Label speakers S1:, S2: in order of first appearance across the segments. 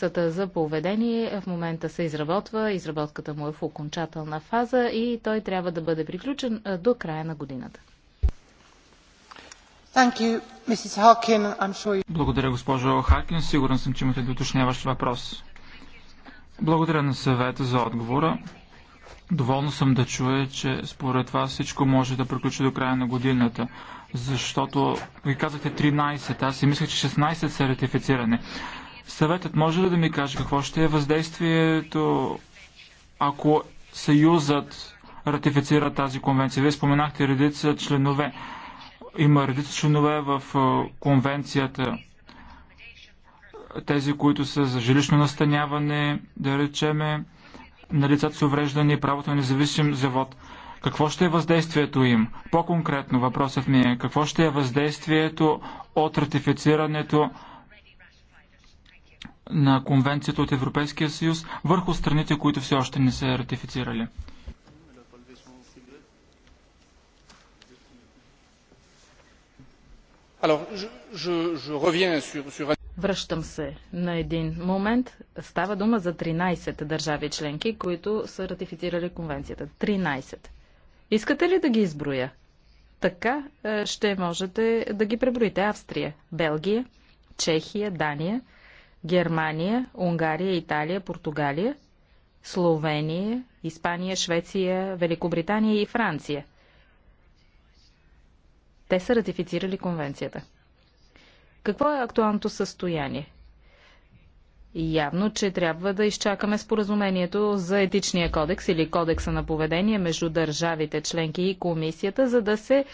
S1: Кодексата за поведение в момента се изработва, изработката му е в окончателна фаза и той трябва да бъде приключен до края на годината.
S2: Благодаря, госпожо Харкин. Сигурен съм, че имате уточняващ въпрос. Благодаря на съвета за отговора. Доволно съм да чуя, че според това всичко може да приключи до края на годината, защото ви казахте 13, аз си мислех, че 16 са ратифициране. Съветът може ли да ми каже какво ще е въздействието, ако Съюзът ратифицира тази конвенция? Вие споменахте редица членове. Има редица членове в е, конвенцията. Тези, които са за жилищно настаняване, да речеме, на лицата с увреждане и правото на независим завод. Какво ще е въздействието им? По-конкретно въпросът ми е какво ще е въздействието от ратифицирането на Конвенцията от Европейския съюз върху страните, които все още не са ратифицирали.
S1: Връщам се на един момент. Става дума за 13 държави членки, които са ратифицирали конвенцията. 13. Искате ли да ги изброя? Така е, ще можете да ги преброите. Австрия, Белгия, Чехия, Дания – Германия, Унгария, Италия, Португалия, Словения, Испания, Швеция, Великобритания и Франция. Те са ратифицирали конвенцията. Какво е актуалното състояние? Явно, че трябва да изчакаме споразумението за етичния кодекс или кодекса на поведение между държавите членки и комисията, за да се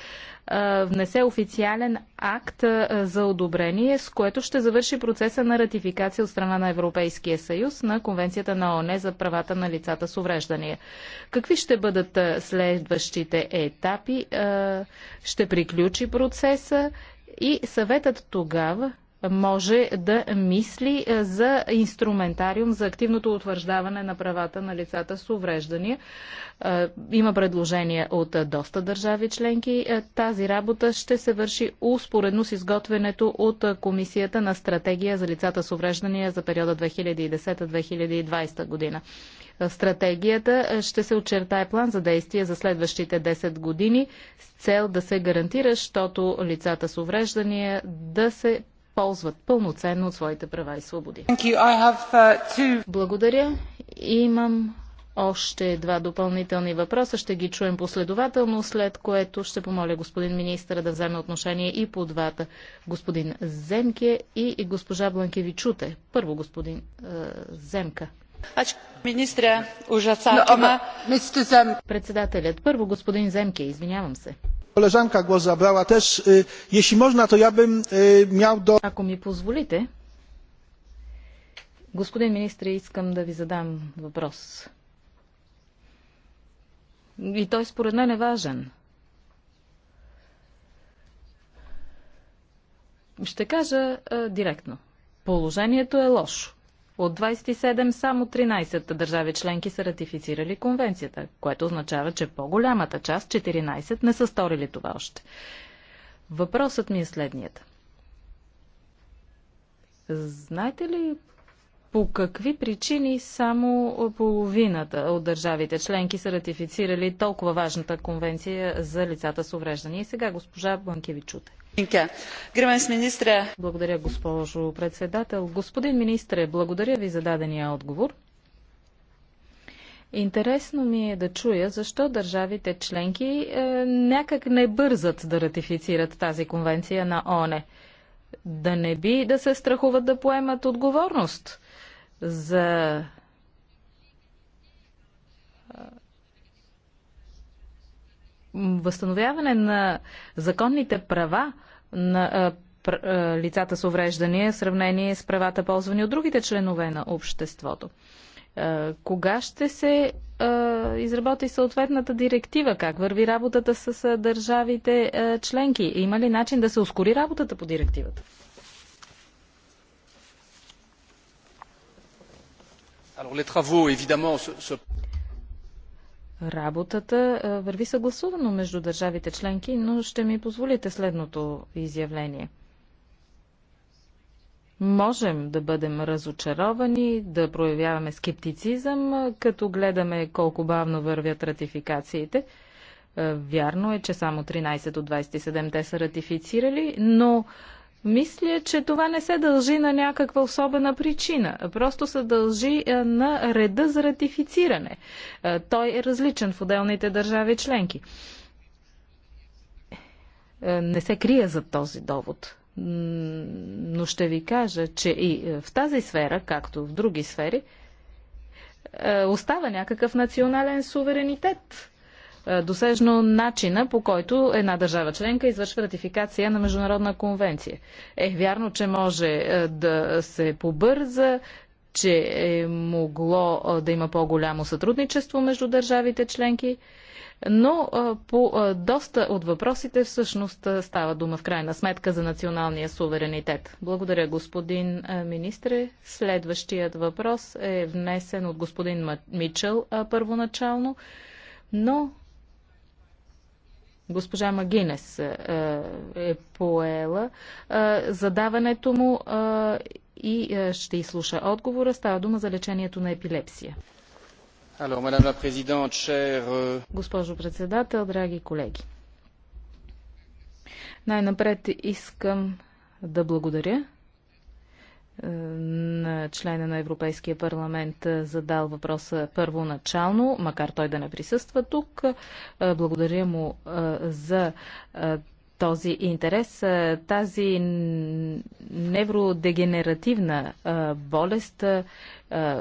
S1: внесе официален акт за одобрение, с което ще завърши процеса на ратификация от страна на Европейския съюз на Конвенцията на ОНЕ за правата на лицата с увреждания. Какви ще бъдат следващите етапи? ще приключи процеса и съветът тогава може да мисли е, за инструментариум за активното утвърждаване на правата на лицата с увреждания. Е, има предложения от е, доста държави членки. Тази работа ще се върши успоредно с изготвянето от Комисията на стратегия за лицата с увреждания за периода 2010-2020 година. Стратегията ще се очертае план за действие за следващите 10 години с цел да се гарантира, защото лицата с увреждания да се ползват пълноценно от своите права и свободи. Uh, Благодаря. Имам още два допълнителни въпроса. Ще ги чуем последователно, след което ще помоля господин министър да вземе отношение и по двата. Господин Земке и госпожа Бланкевичуте. Първо господин е, Земка. Значи, Министра, ужасателно. Председателят. Първо господин Земке, извинявам се
S2: koleżanka głos zabrała też. Jeśli
S1: można, to ja bym miał do Ako mi pozwolite господин министр, искам да ви задам въпрос. И той според мен е важен. Ще кажа а, директно. Положението е лошо. От 27 само 13 държави членки са ратифицирали конвенцията, което означава, че по-голямата част, 14, не са сторили това още. Въпросът ми е следният. Знаете ли по какви причини само половината от държавите членки са ратифицирали толкова важната конвенция за лицата с увреждания? И сега госпожа Банкевичуте. Благодаря, госпожо председател. Господин министре, благодаря ви за дадения отговор. Интересно ми е да чуя защо държавите членки е, някак не бързат да ратифицират тази конвенция на ОНЕ. Да не би да се страхуват да поемат отговорност за възстановяване на законните права на лицата с увреждания в сравнение с правата ползвани от другите членове на обществото. Кога ще се изработи съответната директива? Как върви работата с държавите членки? Има ли начин да се ускори работата по директивата?
S3: Alors les travaux évidemment se, se...
S1: Работата върви съгласувано между държавите членки, но ще ми позволите следното изявление. Можем да бъдем разочаровани, да проявяваме скептицизъм, като гледаме колко бавно вървят ратификациите. Вярно е, че само 13 от 27 те са ратифицирали, но мисля, че това не се дължи на някаква особена причина. Просто се дължи е, на реда за ратифициране. Е, той е различен в отделните държави членки. Е, не се крия за този довод. Но ще ви кажа, че и в тази сфера, както в други сфери, остава някакъв национален суверенитет е, досежно начина по който една държава членка извършва ратификация на международна конвенция. Е, вярно, че може е, да се побърза, че е могло е, да има по-голямо сътрудничество между държавите членки, но по доста от въпросите всъщност става дума в крайна сметка за националния суверенитет. Благодаря, господин министре. Следващият въпрос е внесен от господин Мичел първоначално, но госпожа Магинес е, е поела е, задаването му е, и ще изслуша отговора. Става дума за лечението на епилепсия.
S3: Alors, chère...
S1: Госпожо председател, драги колеги, най-напред искам да благодаря е, на члена на Европейския парламент е, задал въпроса първоначално, макар той да не присъства тук. Е, благодаря му за този интерес. Тази невродегенеративна болест,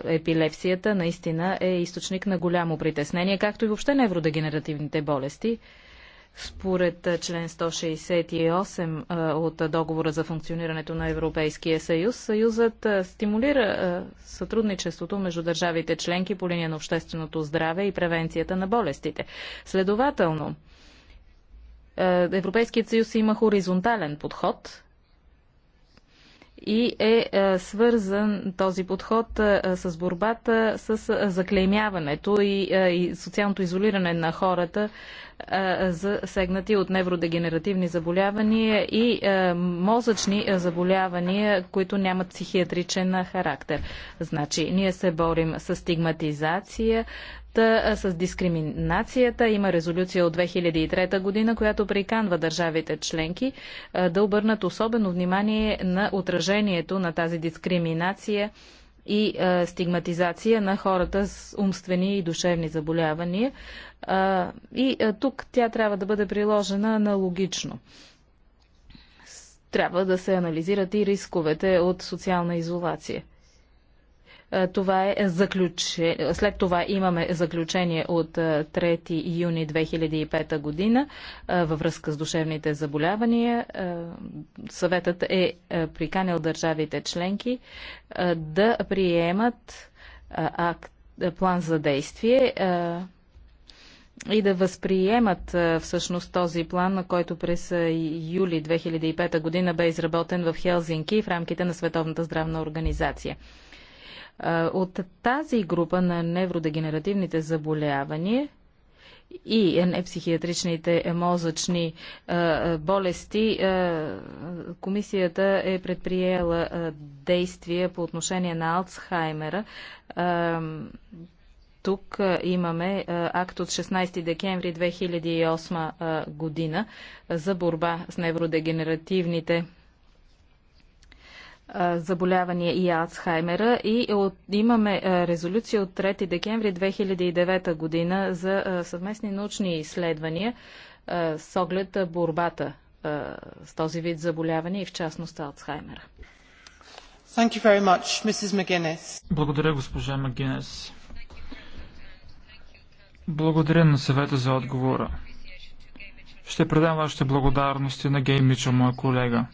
S1: епилепсията, наистина е източник на голямо притеснение, както и въобще невродегенеративните болести според член 168 от договора за функционирането на Европейския съюз, Съюзът стимулира сътрудничеството между държавите членки по линия на общественото здраве и превенцията на болестите. Следователно, Европейският съюз има хоризонтален подход и е свързан този подход с борбата с заклеймяването и социалното изолиране на хората засегнати от невродегенеративни заболявания и мозъчни заболявания, които нямат психиатричен характер. Значи, ние се борим с стигматизация, с дискриминацията. Има резолюция от 2003 година, която приканва държавите членки да обърнат особено внимание на отражението на тази дискриминация и а, е, стигматизация на хората с умствени и душевни заболявания. А, и а, е, тук тя трябва да бъде приложена аналогично. Трябва да се анализират и рисковете от социална изолация. Е, това е заключе... След това имаме заключение от 3 е, юни 2005 година е, във връзка с душевните заболявания. Съветът е приканил държавите членки да приемат акт, план за действие и да възприемат всъщност този план, на който през юли 2005 година бе изработен в Хелзинки в рамките на Световната здравна организация. От тази група на невродегенеративните заболявания и непсихиатричните мозъчни болести, комисията е предприела действия по отношение на Алцхаймера. Тук имаме акт от 16 декември 2008 година за борба с невродегенеративните заболявания и Алцхаймера и е от, имаме резолюция от 3 декември 2009 година за съвместни научни изследвания с оглед борбата с този вид заболяване и в частност Алцхаймера.
S2: Much, Благодаря, госпожа Магинес. Благодаря на съвета за отговора. Ще предам вашите благодарности на Гей Мичел, моя колега.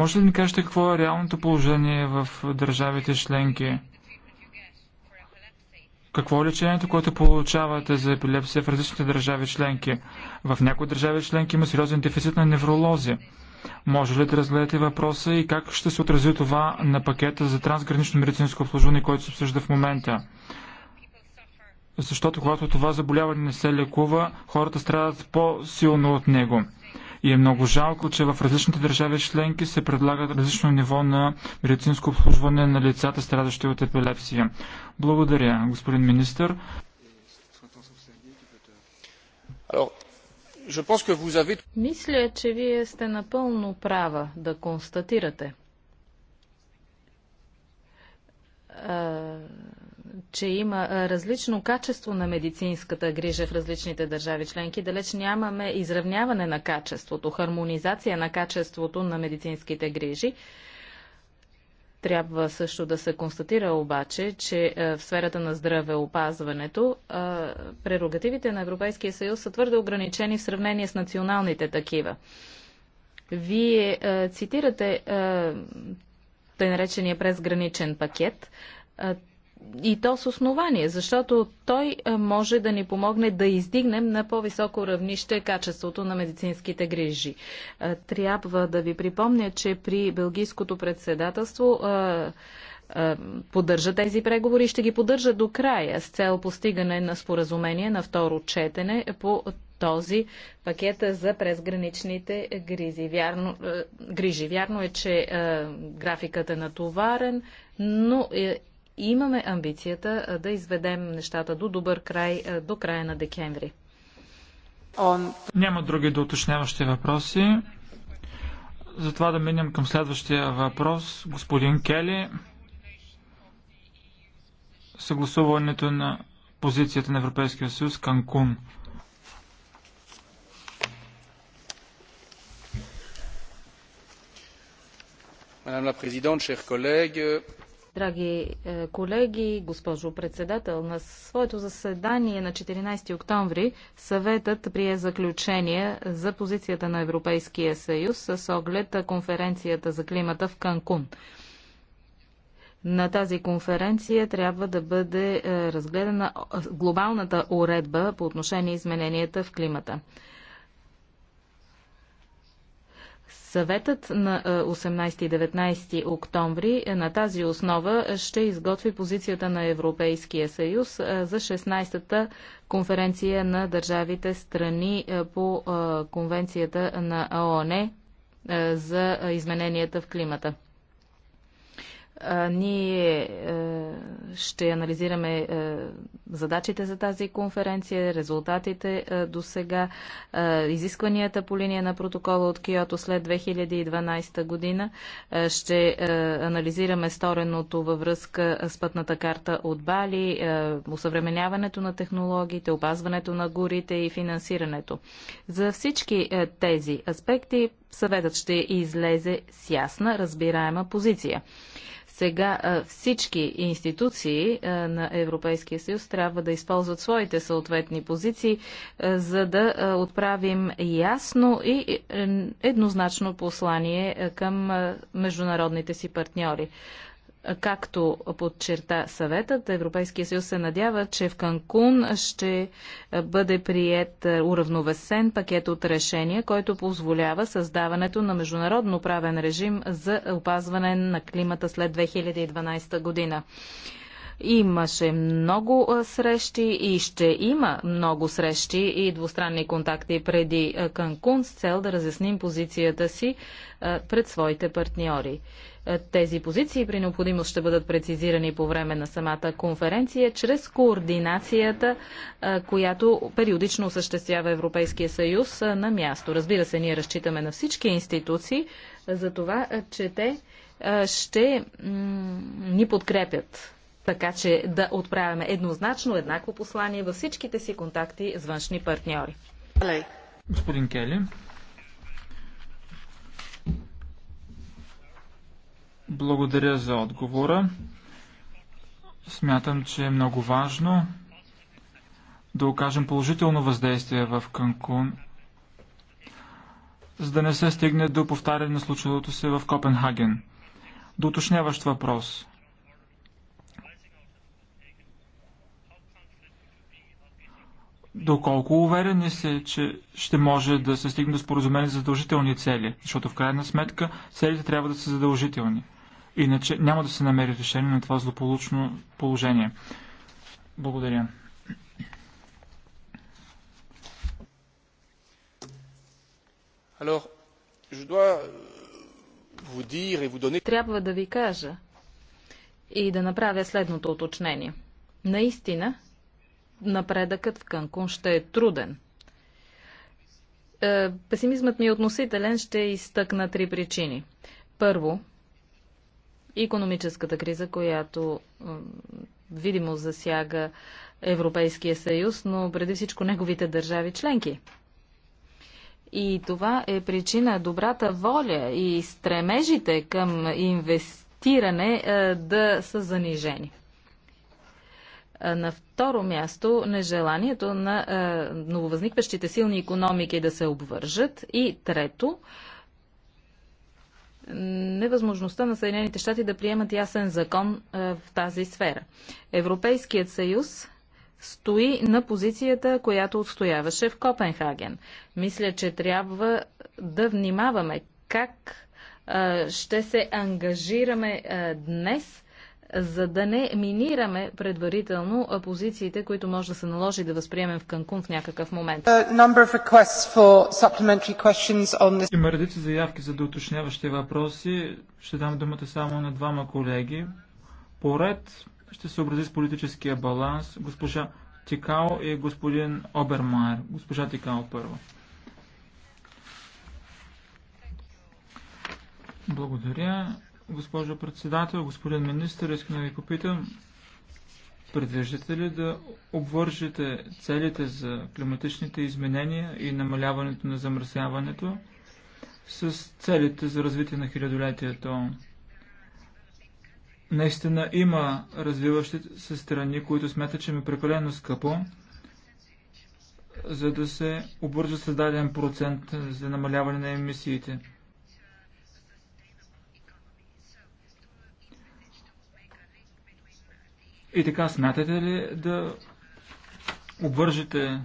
S2: Може ли да ми кажете какво е реалното положение в държавите членки? Какво е лечението, което получавате за епилепсия в различните държави членки? В някои държави членки има сериозен дефицит на невролози. Може ли да разгледате въпроса и как ще се отрази това на пакета за трансгранично медицинско обслужване, който се обсъжда в момента? Защото когато това заболяване не се лекува, хората страдат по-силно от него. И е много жалко, че в различните държави членки се предлага различно ниво на медицинско обслужване на лицата, страдащи от епилепсия. Благодаря, господин министр.
S1: Мисля, че вие сте напълно права да констатирате, че има различно качество на медицинската грижа в различните държави членки. Далеч нямаме изравняване на качеството, хармонизация на качеството на медицинските грижи. Трябва също да се констатира обаче, че в сферата на здравеопазването прерогативите на Европейския съюз са твърде ограничени в сравнение с националните такива. Вие цитирате тъй наречения презграничен пакет и то с основание, защото той е, може да ни помогне да издигнем на по-високо равнище качеството на медицинските грижи. Е, трябва да ви припомня, че при Белгийското председателство е, поддържа тези преговори и ще ги поддържа до края с цел постигане на споразумение на второ четене по този пакет за презграничните гризи. Вярно, грижи. Вярно е, че графикът е натоварен, но имаме амбицията да изведем нещата до добър край до края на декември.
S2: Няма други доуточняващи въпроси. Затова да минем към следващия въпрос. Господин Кели, съгласуването на позицията на Европейския съюз Канкун.
S3: Madame la Présidente, chers collègues,
S1: Драги е, колеги, госпожо председател, на своето заседание на 14 октомври съветът прие заключение за позицията на Европейския съюз с оглед конференцията за климата в Канкун. На тази конференция трябва да бъде е, разгледана глобалната уредба по отношение измененията в климата. Съветът на 18 е, и 19 октомври е, на тази основа е, ще изготви позицията на Европейския съюз за 16-та конференция на държавите страни по конвенцията на ООН за измененията в климата. Ние е, ще анализираме е, задачите за тази конференция, резултатите е, до сега, изискванията по линия на протокола от Киото след 2012 година. Ще анализираме стореното във връзка с пътната карта от Бали, усъвременяването на технологиите, опазването на горите и финансирането. За всички тези аспекти съветът ще излезе с ясна, разбираема позиция. Сега всички институции на Европейския съюз трябва да използват своите съответни позиции, за да отправим ясно и еднозначно послание към международните си партньори. Както подчерта съветът, Европейския съюз се надява, че в Канкун ще бъде прият е, уравновесен пакет от решения, който позволява създаването на международно правен режим за опазване на климата след 2012 година. Имаше много е, срещи и ще има много срещи и двустранни контакти преди е, Канкун с цел да разясним позицията си пред своите партньори. Е, тези позиции при необходимост ще бъдат прецизирани по време на самата конференция чрез координацията, е, която периодично осъществява Европейския съюз е, на място. Разбира се, ние разчитаме на всички институции за това, че те ще ни подкрепят така че да отправяме еднозначно еднакво послание във всичките си контакти с външни партньори.
S2: Господин Кели. Благодаря за отговора. Смятам, че е много важно да окажем положително въздействие в Канкун, за да не се стигне до повтаряне на случилото се в Копенхаген. До уточняващ въпрос. Доколко уверени е се, че ще може да се стигне до споразумение за задължителни цели, защото в крайна сметка целите трябва да са задължителни – Иначе няма да се намери решение на това злополучно положение. Благодаря. Alors, je dois euh,
S1: vous dire et vous donner... Трябва да ви кажа и да направя следното уточнение. Наистина, напредъкът в Канкун ще е труден. Е, песимизмът ми е относителен, ще изтъкна три причини. Първо, економическата криза, която видимо засяга Европейския съюз, но преди всичко неговите държави членки. И това е причина добрата воля и стремежите към инвестиране е, да са занижени. Е, на второ място, нежеланието на е, нововъзникващите силни економики да се обвържат. И трето, невъзможността на Съединените щати да приемат ясен закон е, в тази сфера. Европейският съюз стои на позицията, която отстояваше в Копенхаген. Мисля, че трябва да внимаваме как е, ще се ангажираме е, днес за да не минираме предварително позициите, които може да се наложи да възприемем в Канкун в някакъв момент.
S2: Има редици заявки за доуточняващи въпроси. Ще дам думата само на двама колеги. Поред ще се образи с политическия баланс госпожа Тикао и господин Обермайер. Госпожа Тикао първо. Благодаря. Госпожо председател, господин министр, искам да ви попитам, предвиждате ли да обвържете целите за климатичните изменения и намаляването на замърсяването с целите за развитие на хилядолетието? Наистина има развиващи се страни, които смятат, че ми е прекалено скъпо, за да се обвържа създаден процент за намаляване на емисиите. И така, смятате ли да обвържете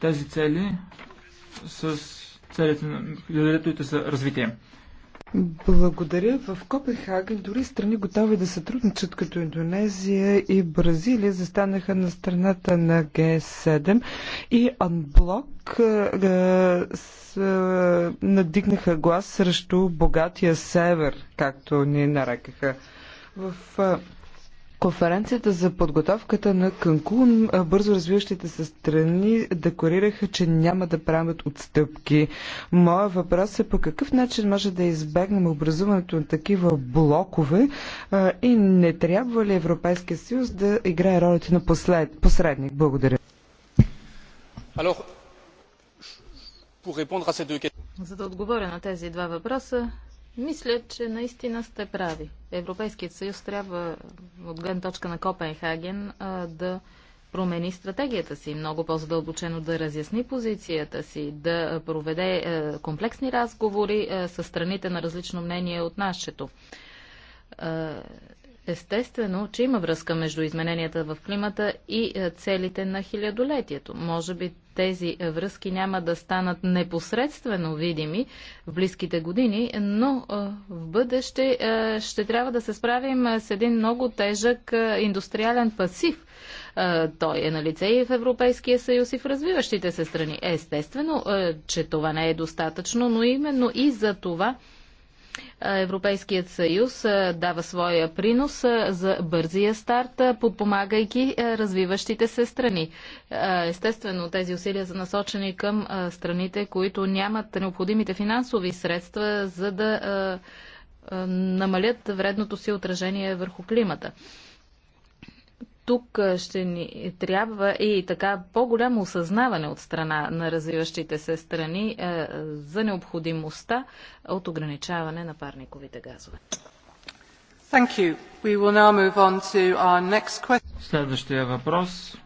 S2: тези цели с целите на хилядолетието за развитие?
S3: Благодаря. В Копенхаген дори страни готови да сътрудничат като Индонезия и Бразилия застанаха на страната на Г7 и Анблок е, е, е, надигнаха глас срещу богатия север, както ни нарекаха. В Конференцията за подготовката на Канкун, бързо развиващите се страни декорираха, че няма да правят отстъпки. Моя въпрос е по какъв начин може да избегнем образуването на такива блокове а, и не трябва ли Европейския съюз да играе ролята на послед... посредник? Благодаря. Alors,
S1: за да отговоря на тези два въпроса, мисля, че наистина сте прави. Европейският съюз трябва от гледна точка на Копенхаген да промени стратегията си, много по-задълбочено да разясни позицията си, да проведе е, комплексни разговори е, с страните на различно мнение от нашето. Е, Естествено, че има връзка между измененията в климата и е, целите на хилядолетието. Може би тези е, връзки няма да станат непосредствено видими в близките години, но е, в бъдеще ще трябва да се справим с един много тежък индустриален пасив. Той е на лице и в Европейския съюз и в развиващите се страни. Естествено, че това не е достатъчно, но именно и за това Европейският съюз дава своя принос за бързия старт, подпомагайки развиващите се страни. Естествено, тези усилия са насочени към страните, които нямат необходимите финансови средства, за да намалят вредното си отражение върху климата тук ще ни трябва и така по-голямо осъзнаване от страна на развиващите се страни за необходимостта от ограничаване на парниковите газове.
S2: Следващия въпрос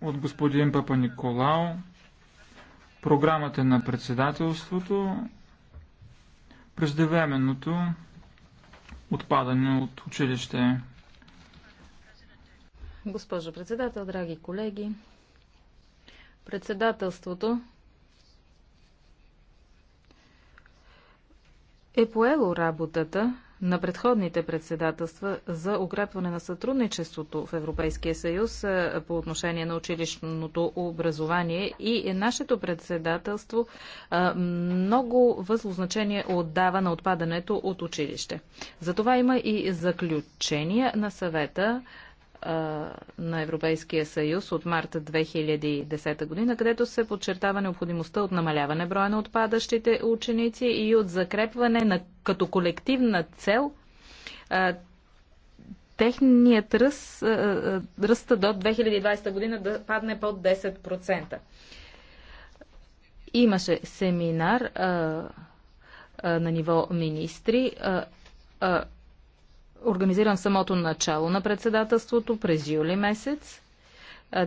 S2: от господин Папа Николао. Програмата на председателството преждевременното отпадане от училище.
S1: Госпожо председател, драги колеги, председателството е поело работата на предходните председателства за укрепване на сътрудничеството в Европейския съюз по отношение на училищното образование и е нашето председателство много възло значение отдава на отпадането от училище. Затова има и заключения на съвета на Европейския съюз от марта 2010 година, където се подчертава необходимостта от намаляване броя на отпадащите ученици и от закрепване на като колективна цел техният ръст, ръста до 2020 година да падне под 10%. Имаше семинар а, а, на ниво министри. А, а, организиран самото начало на председателството през юли месец.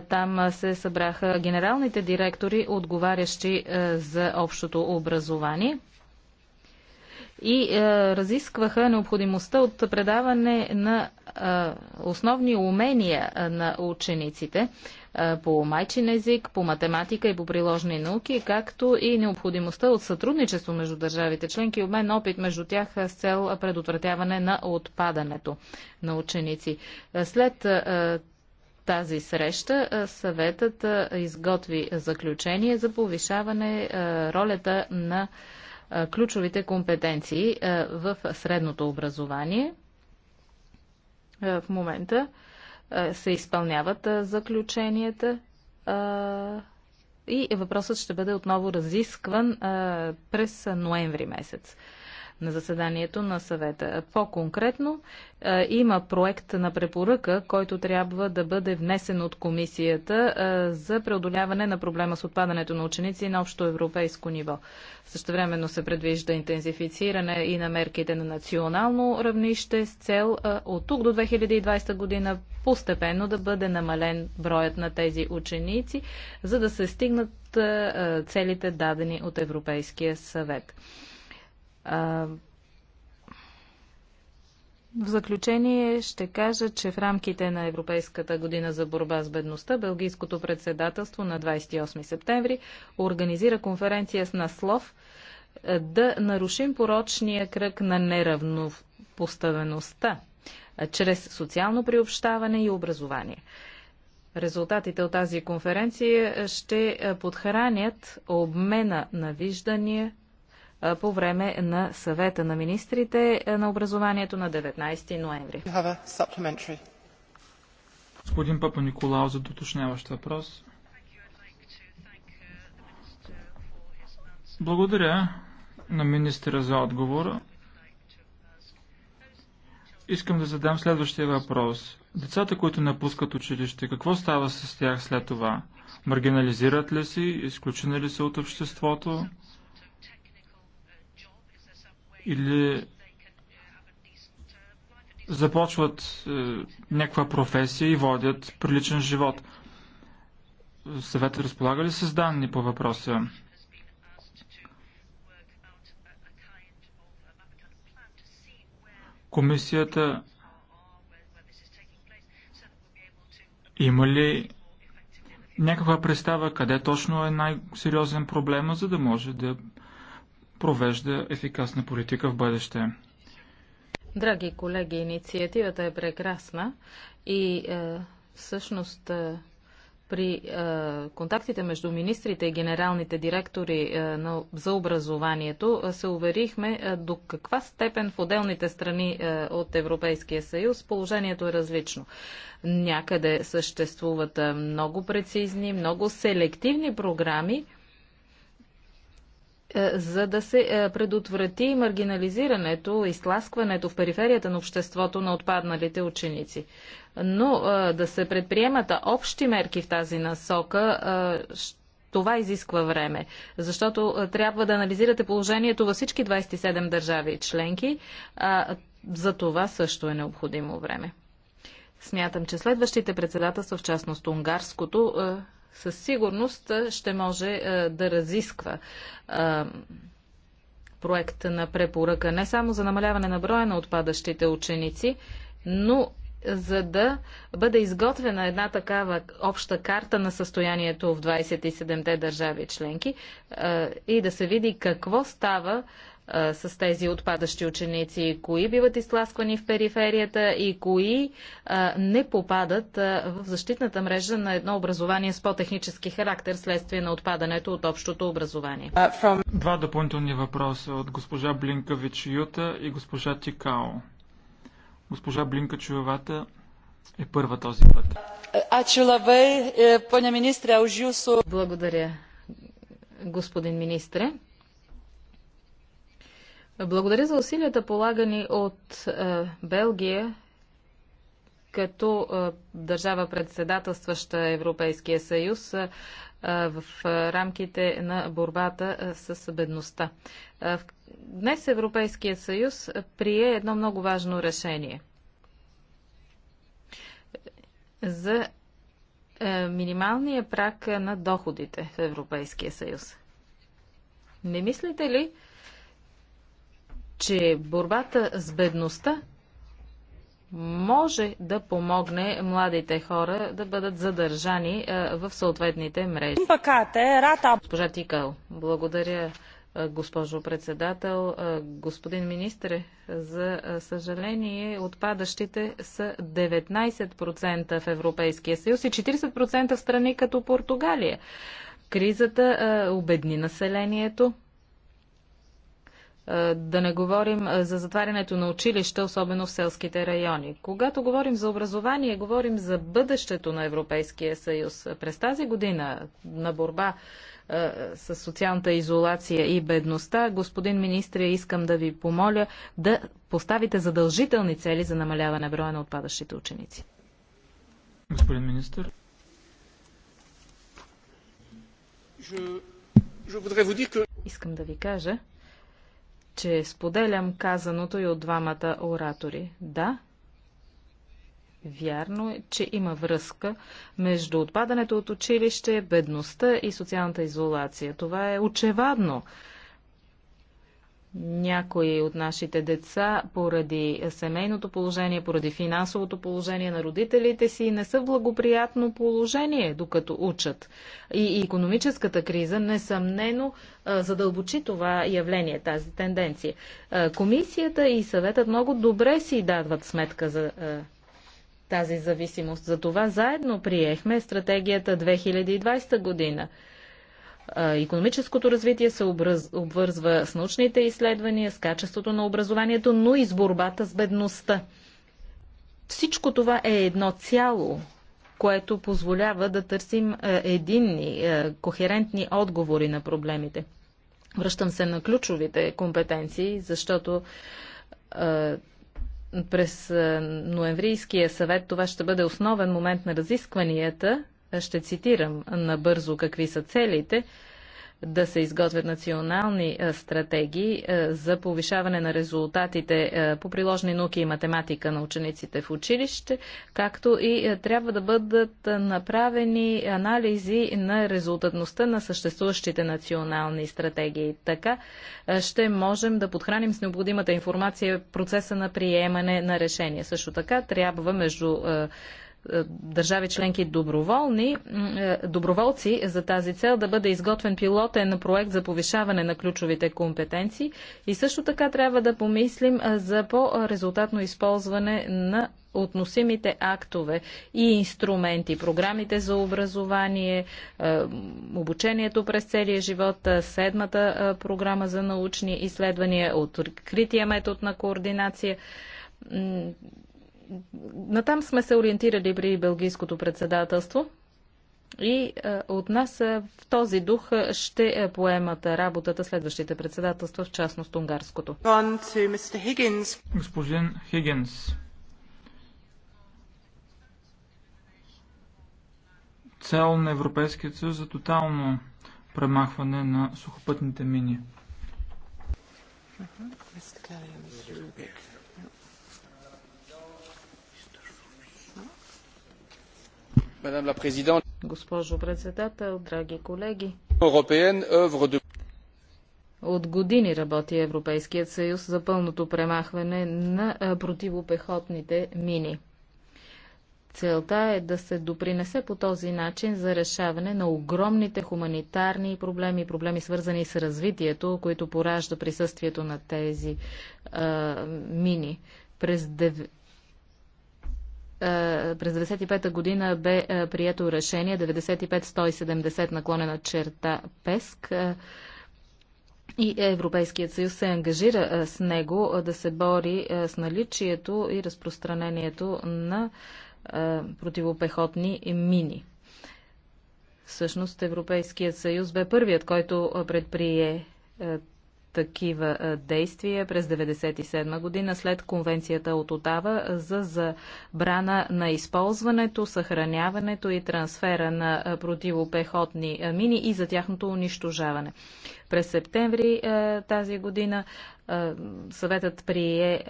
S1: Там се събраха генералните директори, отговарящи за общото образование и разискваха необходимостта от предаване на основни умения на учениците по майчин език, по математика и по приложни науки, както и необходимостта от сътрудничество между държавите членки и обмен опит между тях с цел предотвратяване на отпадането на ученици. След тази среща съветът изготви заключение за повишаване ролята на ключовите компетенции в средното образование е, в момента е, се изпълняват е, заключенията и въпросът ще бъде отново разискван през ноември месец на заседанието на съвета. По-конкретно е, има проект на препоръка, който трябва да бъде внесен от комисията е, за преодоляване на проблема с отпадането на ученици на общо европейско ниво. Същевременно се предвижда интензифициране и на мерките на национално равнище с цел е, от тук до 2020 година постепенно да бъде намален броят на тези ученици, за да се стигнат целите дадени от Европейския съвет. В заключение ще кажа, че в рамките на Европейската година за борба с бедността, Белгийското председателство на 28 септември организира конференция с наслов е, да нарушим порочния кръг на неравнопоставеността е, чрез социално приобщаване и образование. Резултатите от тази конференция ще е, подхранят обмена на виждания по време на съвета на министрите на образованието на 19
S2: ноември. Господин Папа Николао за доточняващ въпрос. Благодаря на министра за отговора. Искам да задам следващия въпрос. Децата, които напускат училище, какво става с тях след това? Маргинализират ли си? Изключени ли са от обществото? или започват е, някаква професия и водят приличен живот. Съвета разполага ли се с данни по въпроса? Комисията има ли някаква представа къде точно е най-сериозен проблема, за да може да провежда ефикасна политика в бъдеще.
S1: Драги колеги, инициативата е прекрасна и е, всъщност е, при е, контактите между министрите и генералните директори е, на, за образованието е, се уверихме е, до каква степен в отделните страни е, от Европейския съюз положението е различно. Някъде съществуват е, много прецизни, много селективни програми, е, за да се е, предотврати маргинализирането, изтласкването в периферията на обществото на отпадналите ученици. Но е, да се предприемат общи мерки в тази насока, това изисква време, защото трябва да анализирате положението във всички 27 държави и членки, а за това също е необходимо време. Смятам, че следващите председателства, в частност унгарското, със сигурност ще може да разисква проект на препоръка не само за намаляване на броя на отпадащите ученици, но за да бъде изготвена една такава обща карта на състоянието в 27-те държави членки и да се види какво става с тези отпадащи ученици, кои биват изтласквани в периферията и кои не попадат в защитната мрежа на едно образование с по-технически характер следствие на отпадането от общото образование.
S2: Uh, Два допълнителни въпроса от госпожа Блинкавич Юта и госпожа Тикао. Госпожа Блинка Чуевата е първа този път.
S3: Е,
S1: Благодаря, господин министре. Благодаря за усилията полагани от е, Белгия като е, държава председателстваща Европейския съюз в рамките на борбата с бедността. Днес Европейският съюз прие едно много важно решение за минималния прак на доходите в Европейския съюз. Не мислите ли, че борбата с бедността може да помогне младите хора да бъдат задържани в съответните мрежи. Госпожа Тикал, благодаря госпожо председател, господин министре, за съжаление отпадащите са 19% в Европейския съюз и 40% в страни като Португалия. Кризата обедни населението, е, да не говорим е, за затварянето на училища, особено в селските райони. Когато говорим за образование, говорим за бъдещето на Европейския съюз. През тази година на борба е, с социалната изолация и бедността, господин министре, искам да ви помоля да поставите задължителни цели за намаляване броя на отпадащите ученици.
S2: Господин министр.
S1: Искам да ви кажа, че споделям казаното и от двамата оратори. Да, вярно е, че има връзка между отпадането от училище, бедността и социалната изолация. Това е очевадно някои от нашите деца поради семейното положение, поради финансовото положение на родителите си не са в благоприятно положение, докато учат. И економическата криза несъмнено задълбочи това явление, тази тенденция. Комисията и съветът много добре си дадват сметка за тази зависимост. Затова заедно приехме стратегията 2020 година – Економическото развитие се обвързва с научните изследвания, с качеството на образованието, но и с борбата с бедността. Всичко това е едно цяло, което позволява да търсим единни, кохерентни отговори на проблемите. Връщам се на ключовите компетенции, защото през ноемврийския съвет това ще бъде основен момент на разискванията ще цитирам набързо какви са целите да се изготвят национални е, стратегии е, за повишаване на резултатите е, по приложни науки и математика на учениците в училище, както и трябва да бъдат направени анализи на резултатността на съществуващите национални стратегии. Така ще можем да подхраним с необходимата информация процеса на приемане на решения. Също така трябва между е, държави членки доброволни, е, доброволци за тази цел да бъде изготвен пилотен проект за повишаване на ключовите компетенции и също така трябва да помислим е, за по-резултатно използване на относимите актове и инструменти, програмите за образование, обучението през целия живот, седмата програма за научни изследвания, открития метод на координация натам сме се ориентирали при Белгийското председателство. И е, от нас е, в този дух е, ще поемат работата следващите председателства, в частност унгарското.
S2: Господин Хигинс, цел на Европейския съюз за тотално премахване на сухопътните мини.
S3: Uh-huh. Госпожо
S1: председател, драги колеги, от години работи Европейският съюз за пълното премахване на противопехотните мини. Целта е да се допринесе по този начин за решаване на огромните хуманитарни проблеми, проблеми свързани с развитието, които поражда присъствието на тези а, мини. През е, през 1995 година бе е, прието решение 95-170 наклонена черта ПЕСК е, и Европейският съюз се ангажира с него да се бори с наличието и разпространението на противопехотни мини. Всъщност Европейският съюз бе първият, който предприе такива действия през 1997 година след конвенцията от Отава за забрана на използването, съхраняването и трансфера на противопехотни мини и за тяхното унищожаване. През септември тази година съветът прие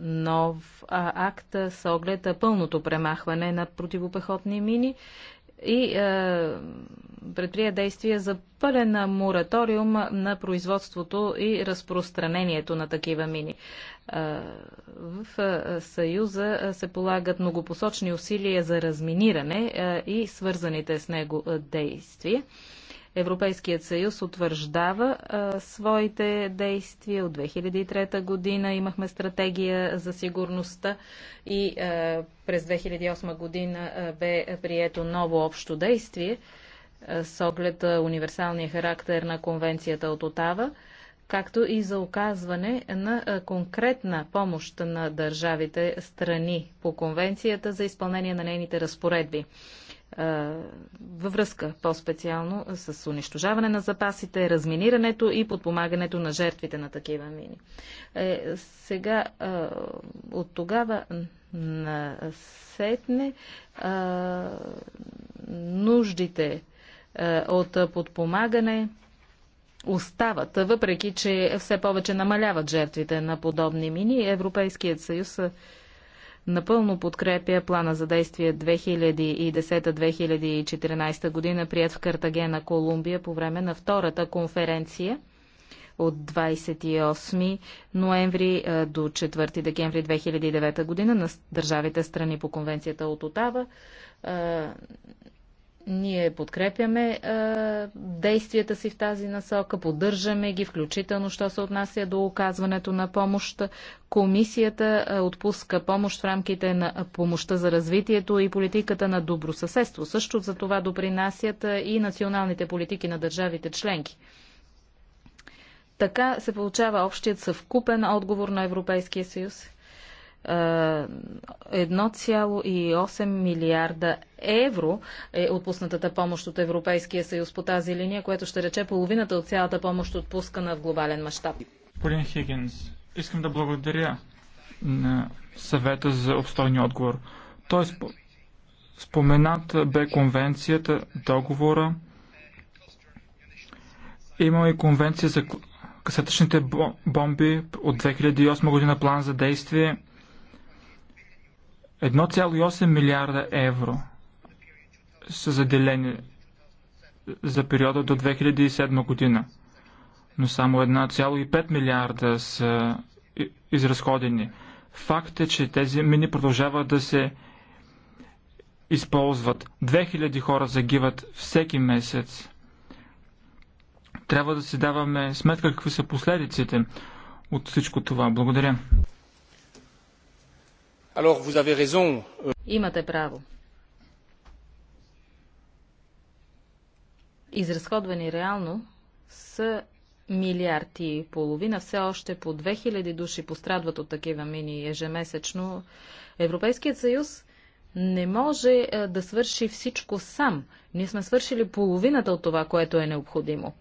S1: нов акт с оглед пълното премахване на противопехотни мини и е, предприе действия за пълен мораториум на производството и разпространението на такива мини. Е, в е, Съюза се полагат многопосочни усилия за разминиране и свързаните с него действия. Европейският съюз утвърждава а, своите действия. От 2003 година имахме стратегия за сигурността и а, през 2008 година а, бе прието ново общо действие с оглед универсалния характер на конвенцията от Отава както и за оказване на конкретна помощ на държавите страни по конвенцията за изпълнение на нейните разпоредби във връзка по-специално с унищожаване на запасите, разминирането и подпомагането на жертвите на такива мини. Е, сега е, от тогава на сетне е, нуждите е, от подпомагане остават, въпреки че все повече намаляват жертвите на подобни мини. Европейският съюз е, напълно подкрепя плана за действие 2010-2014 година, прият в Картагена, Колумбия, по време на втората конференция от 28 ноември до 4 декември 2009 година на държавите страни по конвенцията от Отава. Ние подкрепяме а, действията си в тази насока, поддържаме ги, включително, що се отнася до оказването на помощ. Комисията а, отпуска помощ в рамките на помощта за развитието и политиката на добросъседство. Също за това допринасят а, и националните политики на държавите членки. Така се получава общият съвкупен отговор на Европейския съюз 1,8 е, милиарда евро е отпуснатата помощ от Европейския съюз по тази линия, което ще рече половината от цялата помощ отпускана в глобален
S2: мащаб. Полин Хигинс, искам да благодаря на съвета за обстойния отговор. Той споменат бе конвенцията, договора. Има и конвенция за касетъчните бомби от 2008 година план за действие – 1,8 милиарда евро са заделени за периода до 2007 година, но само 1,5 милиарда са изразходени. Факт е, че тези мини продължават да се използват. 2000 хора загиват всеки месец. Трябва да си даваме сметка какви са последиците от всичко това. Благодаря. Alors,
S3: vous avez raison. Euh,
S1: Имате право. Изразходвани реално са милиарди и половина. Все още по 2000 души пострадват от такива мини ежемесечно. Европейският съюз не може е, да свърши всичко сам. Ние сме свършили половината от това, което е необходимо.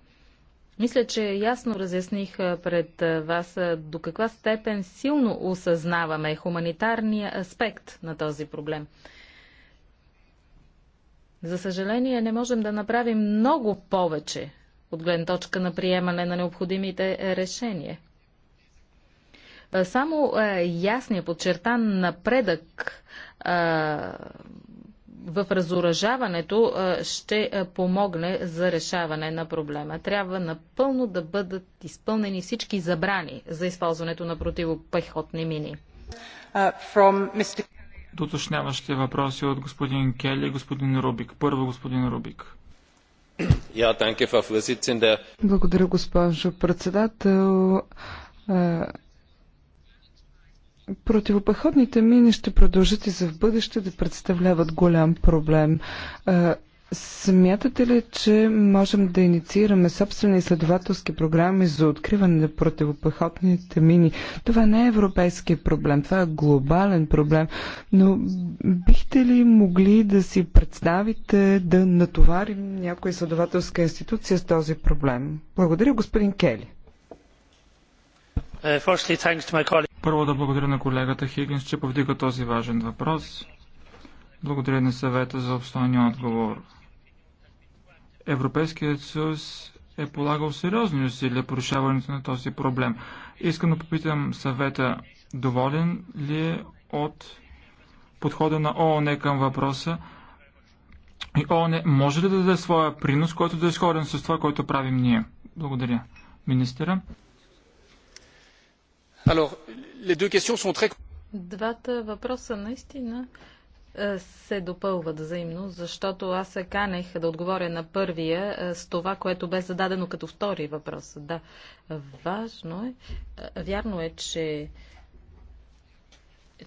S1: Мисля, че ясно разясних пред вас до каква степен силно осъзнаваме хуманитарния аспект на този проблем. За съжаление, не можем да направим много повече от гледна точка на приемане на необходимите е, решения. Само е, ясния подчертан напредък в разоръжаването ще помогне за решаване на проблема. Трябва напълно да бъдат изпълнени всички забрани за използването на противопехотни мини.
S2: Доточняващи въпроси от господин Кели и господин Рубик. Първо господин Рубик.
S3: Благодаря, госпожо председател. Противопоходните мини ще продължат и за в бъдеще да представляват голям проблем. Смятате ли, че можем да инициираме собствени изследователски програми за откриване на противопехотните мини? Това не е европейски проблем, това е глобален проблем, но бихте ли могли да си представите да натоварим някоя изследователска институция с този проблем? Благодаря, господин Кели.
S2: Uh, първо да благодаря на колегата Хигинс, че повдига този важен въпрос. Благодаря на съвета за обстойния отговор. Европейският съюз е полагал сериозни усилия по решаването на този проблем. Искам да попитам съвета, доволен ли е от подхода на ООН към въпроса и ООН може ли да даде своя принос, който да е сходен с това, което правим ние? Благодаря. министера. Alors,
S1: Двата въпроса наистина е, се допълват взаимно, защото аз се канех да отговоря на първия е, с това, което бе зададено като втори въпрос. Да, важно е, е, вярно е, че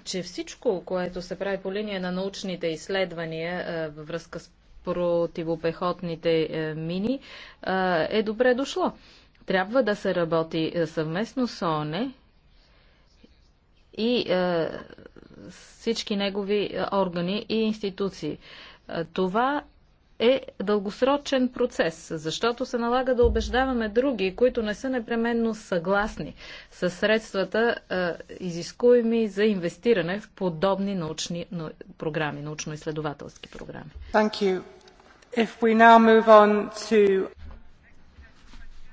S1: че всичко, което се прави по линия на научните изследвания във връзка с противопехотните мини, е добре дошло. Трябва да се работи съвместно с ОНЕ, и е, всички негови е, органи и институции. Е, това е дългосрочен процес, защото се налага да убеждаваме други, които не са непременно съгласни с средствата, е, изискуеми за инвестиране в подобни научни програми, научно-изследователски програми.
S2: To...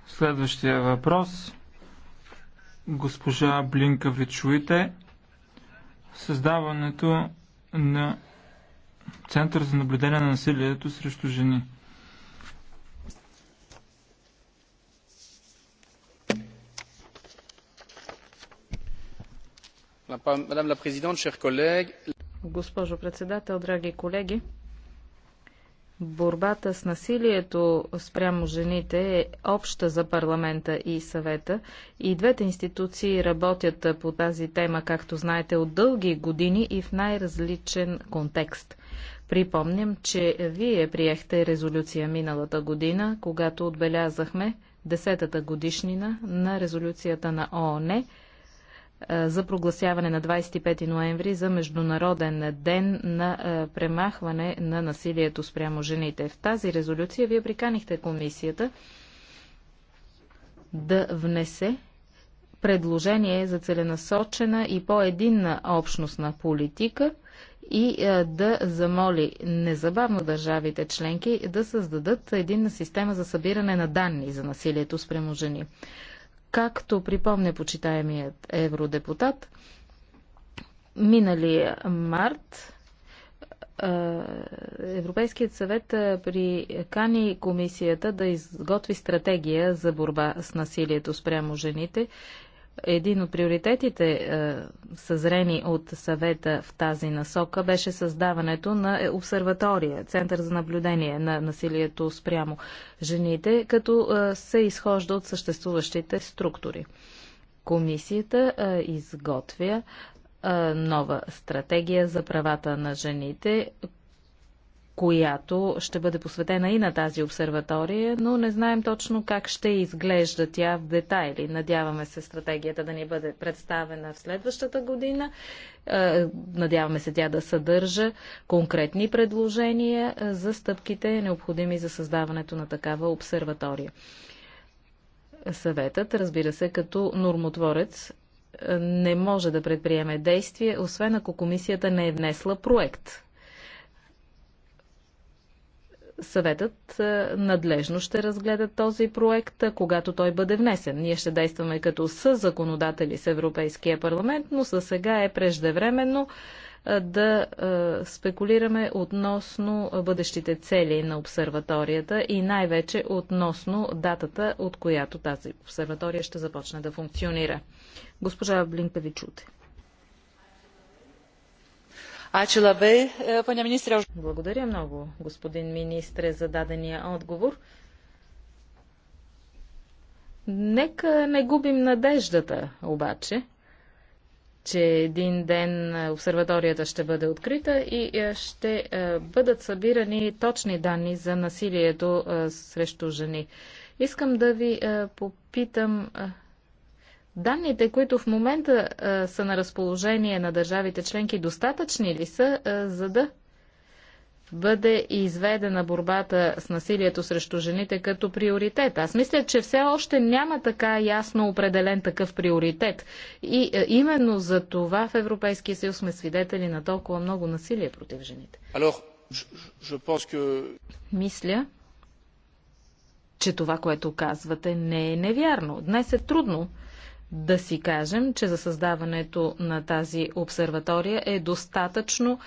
S2: Следващия въпрос госпожа Блинка Вечуите създаването на Център за наблюдение на насилието срещу жени.
S1: Госпожо председател, драги колеги, Борбата с насилието спрямо жените е обща за парламента и съвета и двете институции работят по тази тема, както знаете, от дълги години и в най-различен контекст. Припомням, че вие приехте резолюция миналата година, когато отбелязахме 10-та годишнина на резолюцията на ООН е, за прогласяване на 25 ноември за Международен ден на е, премахване на насилието спрямо жените. В тази резолюция вие приканихте комисията да внесе предложение за целенасочена и по-единна общностна политика и е, да замоли незабавно държавите членки да създадат единна система за събиране на данни за насилието спрямо жени. Както припомня почитаемият евродепутат, миналия март Европейският съвет прикани комисията да изготви стратегия за борба с насилието спрямо жените един от приоритетите, е, съзрени от съвета в тази насока, беше създаването на обсерватория, център за наблюдение на насилието спрямо жените, като е, се изхожда от съществуващите структури. Комисията е, изготвя нова стратегия за правата на жените, която ще бъде посветена и на тази обсерватория, но не знаем точно как ще изглежда тя в детайли. Надяваме се стратегията да ни бъде представена в следващата година. Е, надяваме се тя да съдържа конкретни предложения е, за стъпките, необходими за създаването на такава обсерватория. Съветът, разбира се, като нормотворец е, не може да предприеме действие, освен ако комисията не е внесла проект Съветът е, надлежно ще разгледа този проект, е, когато той бъде внесен. Ние ще действаме като законодатели с Европейския парламент, но за сега е преждевременно е, да спекулираме относно бъдещите цели на обсерваторията и най-вече относно датата, от която тази обсерватория ще започне да функционира. Госпожа Блинка ви чуте. E, Благодаря много, господин министре, за дадения отговор. Нека не губим надеждата, обаче, че един ден обсерваторията ще бъде открита и е, ще е, бъдат събирани точни данни за насилието е, срещу жени. Искам да ви попитам Данните, които в момента а, са на разположение на държавите членки, достатъчни ли са, а, за да бъде изведена борбата с насилието срещу жените като приоритет. Аз мисля, че все още няма така ясно определен такъв приоритет. И а, именно за това в Европейския съюз сме свидетели на толкова много насилие против жените.
S2: Alors, que...
S1: Мисля, че това, което казвате, не е невярно. Днес е трудно да си кажем, че за създаването на тази обсерватория е достатъчно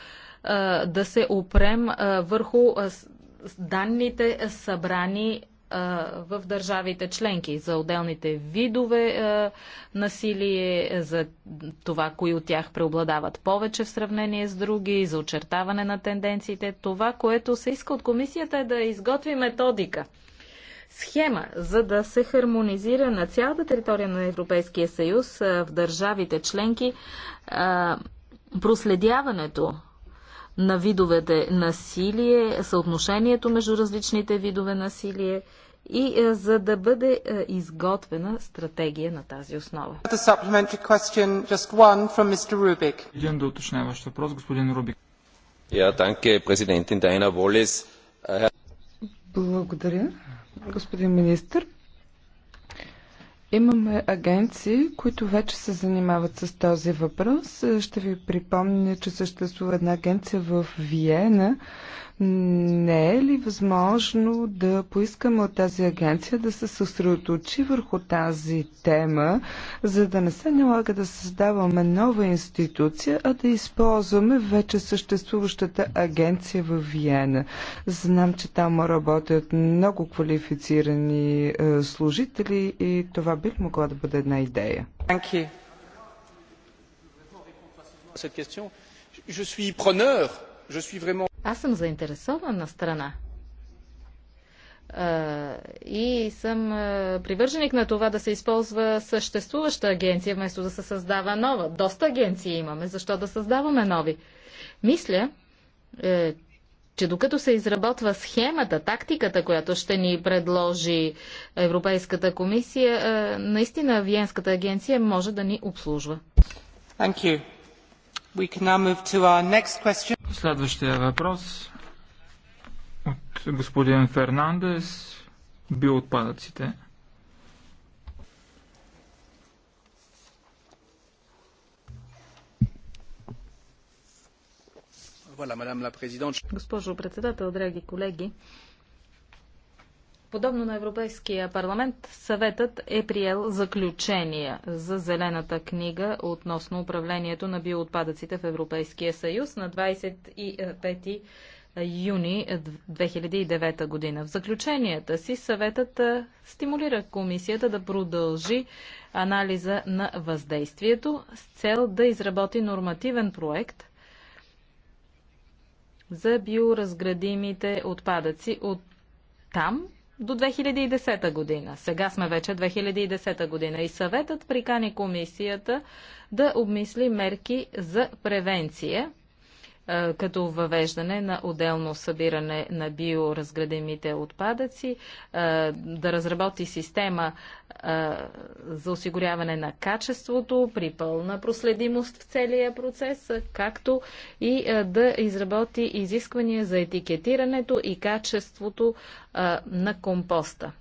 S1: да се опрем върху данните събрани в държавите членки за отделните видове насилие, за това, кои от тях преобладават повече в сравнение с други, за очертаване на тенденциите. Това, което се иска от комисията е да изготви методика – схема, за да се хармонизира на цялата територия на Европейския съюз в държавите членки проследяването на видовете насилие, съотношението между различните видове насилие и за да бъде изготвена стратегия на тази
S2: основа. Един да въпрос, господин Рубик.
S1: Ja, danke, Präsidentin Diana
S3: благодаря, господин министр. Имаме агенции, които вече се занимават с този въпрос. Ще ви припомня, че съществува една агенция в Виена, не е ли възможно да поискаме от тази агенция да се съсредоточи върху тази тема, за да не се налага да създаваме нова институция, а да използваме вече съществуващата агенция в Виена? Знам, че там работят много квалифицирани е, служители и това би могла да бъде една идея. Cette question, je suis preneur, je suis vraiment.
S1: Аз съм заинтересована страна. И съм привърженик на това да се използва съществуваща агенция, вместо да се създава нова. Доста агенции имаме, защо да създаваме нови? Мисля, е, че докато се изработва схемата, тактиката, която ще ни предложи Европейската комисия, е, наистина Виенската агенция може да ни обслужва.
S3: Thank you.
S2: Следващия въпрос от господин Фернандес биоотпадъците.
S1: Госпожо председател, драги колеги, Подобно на Европейския парламент, съветът е приел заключения за зелената книга относно управлението на биоотпадъците в Европейския съюз на 25 юни 2009 година. В заключенията си съветът стимулира комисията да продължи анализа на въздействието с цел да изработи нормативен проект за биоразградимите отпадъци от там, до 2010 година. Сега сме вече 2010 година и съветът прикани комисията да обмисли мерки за превенция като въвеждане на отделно събиране на биоразградимите отпадъци, да разработи система за осигуряване на качеството при пълна проследимост в целия процес, както и да изработи изисквания за етикетирането и качеството на компоста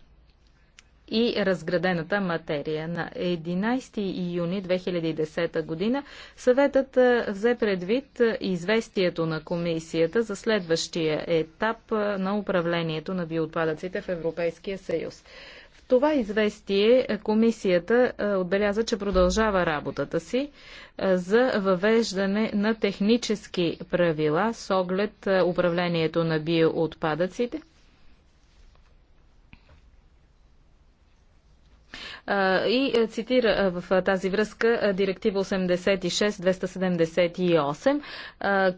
S1: и разградената материя. На 11 юни 2010 година съветът взе предвид известието на комисията за следващия етап на управлението на биоотпадъците в Европейския съюз. В това известие комисията отбеляза, че продължава работата си за въвеждане на технически правила с оглед управлението на биоотпадъците – и е, цитира е, в е, тази връзка директива 86-278,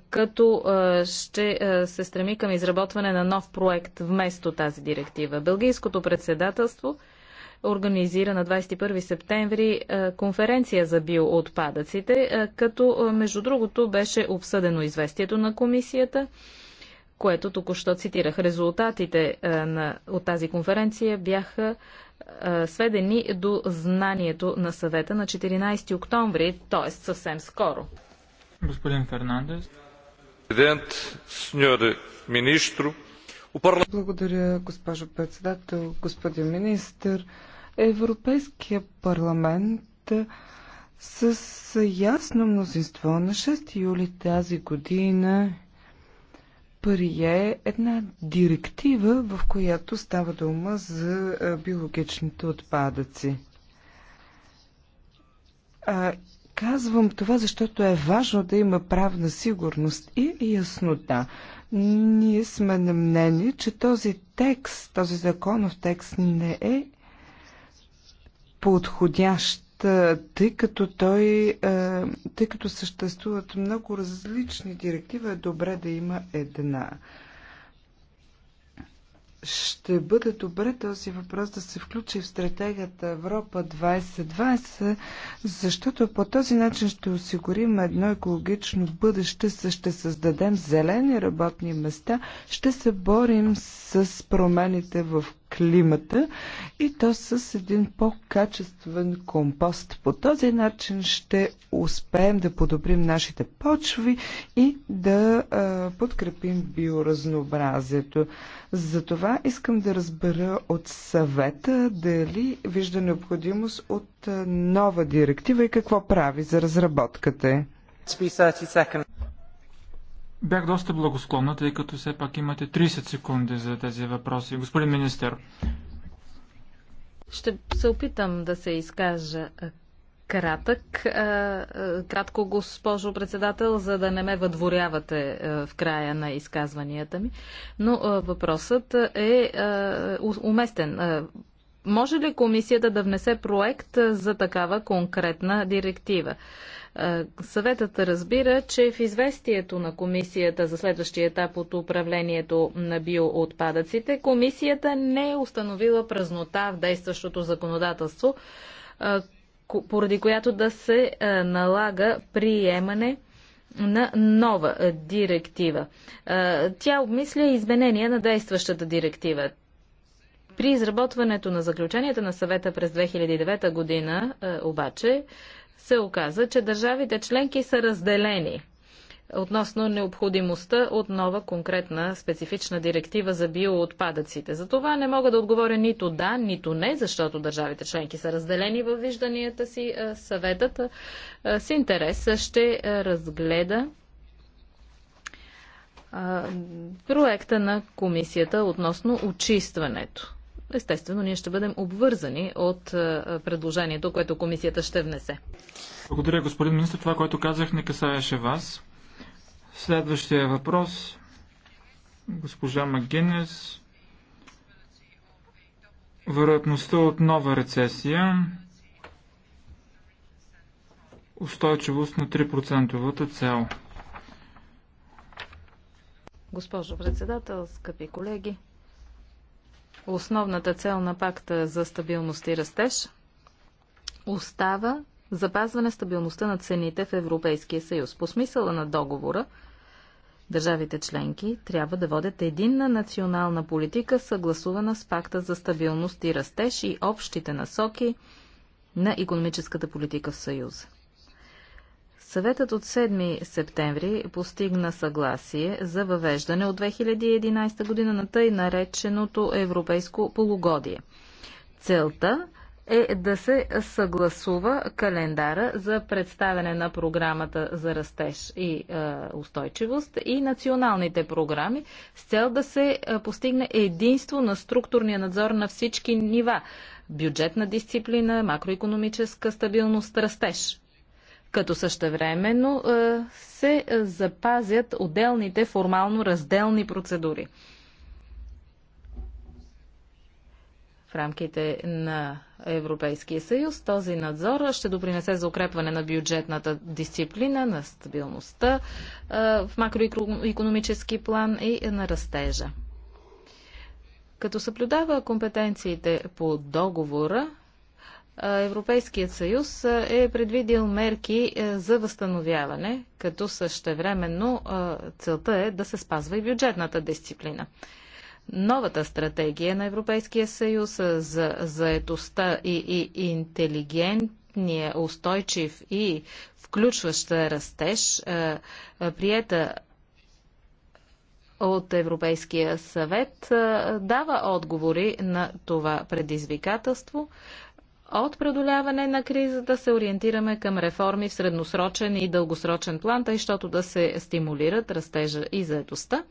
S1: като ще се стреми към изработване на нов проект вместо тази директива. Белгийското председателство организира на 21 септември конференция за биоотпадъците, като между другото беше обсъдено известието на комисията, което току-що цитирах. Резултатите на, от тази конференция бяха е, сведени до знанието на съвета на 14 октомври, т.е. съвсем скоро.
S2: Господин Фернандес.
S3: Благодаря, госпожо председател, господин министр. Европейския парламент е, с ясно мнозинство на 6 юли тази година прие една директива, в която става дума за биологичните отпадъци. А, казвам това, защото е важно да има правна сигурност и яснота. Ние сме на мнение, че този текст, този законов текст не е подходящ е, тъй като той, е, тъй като съществуват много различни директива, е добре да има една. Ще бъде добре този въпрос да се включи в стратегията Европа 2020, защото по този начин ще осигурим едно екологично бъдеще, ще създадем зелени работни места, ще се борим с промените в климата и то с един по-качествен компост. По този начин ще успеем да подобрим нашите почви и да а, подкрепим биоразнообразието. Затова искам да разбера от съвета дали вижда необходимост от нова директива и какво прави за разработката.
S2: Бях доста благосклонна, тъй като все пак имате 30 секунди за тези въпроси. Господин министър.
S1: Ще се опитам да се изкажа кратък. Кратко, госпожо председател, за да не ме въдворявате в края на изказванията ми. Но въпросът е уместен. Може ли комисията да внесе проект за такава конкретна директива? Е, съветът разбира, че в известието на комисията за следващия етап от управлението на биоотпадъците, комисията не е установила празнота в действащото законодателство, е, поради която да се е, налага приемане на нова директива. Тя обмисля изменения на действащата директива. При изработването на заключенията на съвета през 2009 година обаче се оказа, че държавите членки са разделени относно необходимостта от нова конкретна специфична директива за биоотпадъците. За това не мога да отговоря нито да, нито не, защото държавите членки са разделени във вижданията си. Съветът с интерес ще разгледа проекта на комисията относно очистването естествено ние ще бъдем обвързани от е, предложението, което комисията ще внесе.
S2: Благодаря, господин министр. Това, което казах, не касаеше вас. Следващия въпрос. Госпожа Магинес. Вероятността от нова рецесия. Устойчивост на 3 цел.
S1: Госпожо председател, скъпи колеги, основната цел на пакта за стабилност и растеж остава запазване стабилността на цените в Европейския съюз. По смисъла на договора, държавите членки трябва да водят единна национална политика, съгласувана с пакта за стабилност и растеж и общите насоки на економическата политика в Съюза. Съветът от 7 септември постигна съгласие за въвеждане от 2011 година на тъй нареченото европейско полугодие. Целта е да се съгласува календара за представяне на програмата за растеж и е, устойчивост и националните програми с цел да се е, постигне единство на структурния надзор на всички нива бюджетна дисциплина, макроекономическа стабилност, растеж като същевременно е, се запазят отделните формално разделни процедури. В рамките на Европейския съюз този надзор ще допринесе за укрепване на бюджетната дисциплина, на стабилността е, в макроекономически план и на растежа. Като съблюдава компетенциите по договора, Европейският съюз е предвидил мерки за възстановяване, като същевременно целта е да се спазва и бюджетната дисциплина. Новата стратегия на Европейския съюз за заетостта и, и интелигентния, устойчив и включваща растеж, приета от Европейския съвет дава отговори на това предизвикателство, от преодоляване на кризата се ориентираме към реформи в средносрочен и дългосрочен план, тъй щото да се стимулират растежа и заедостта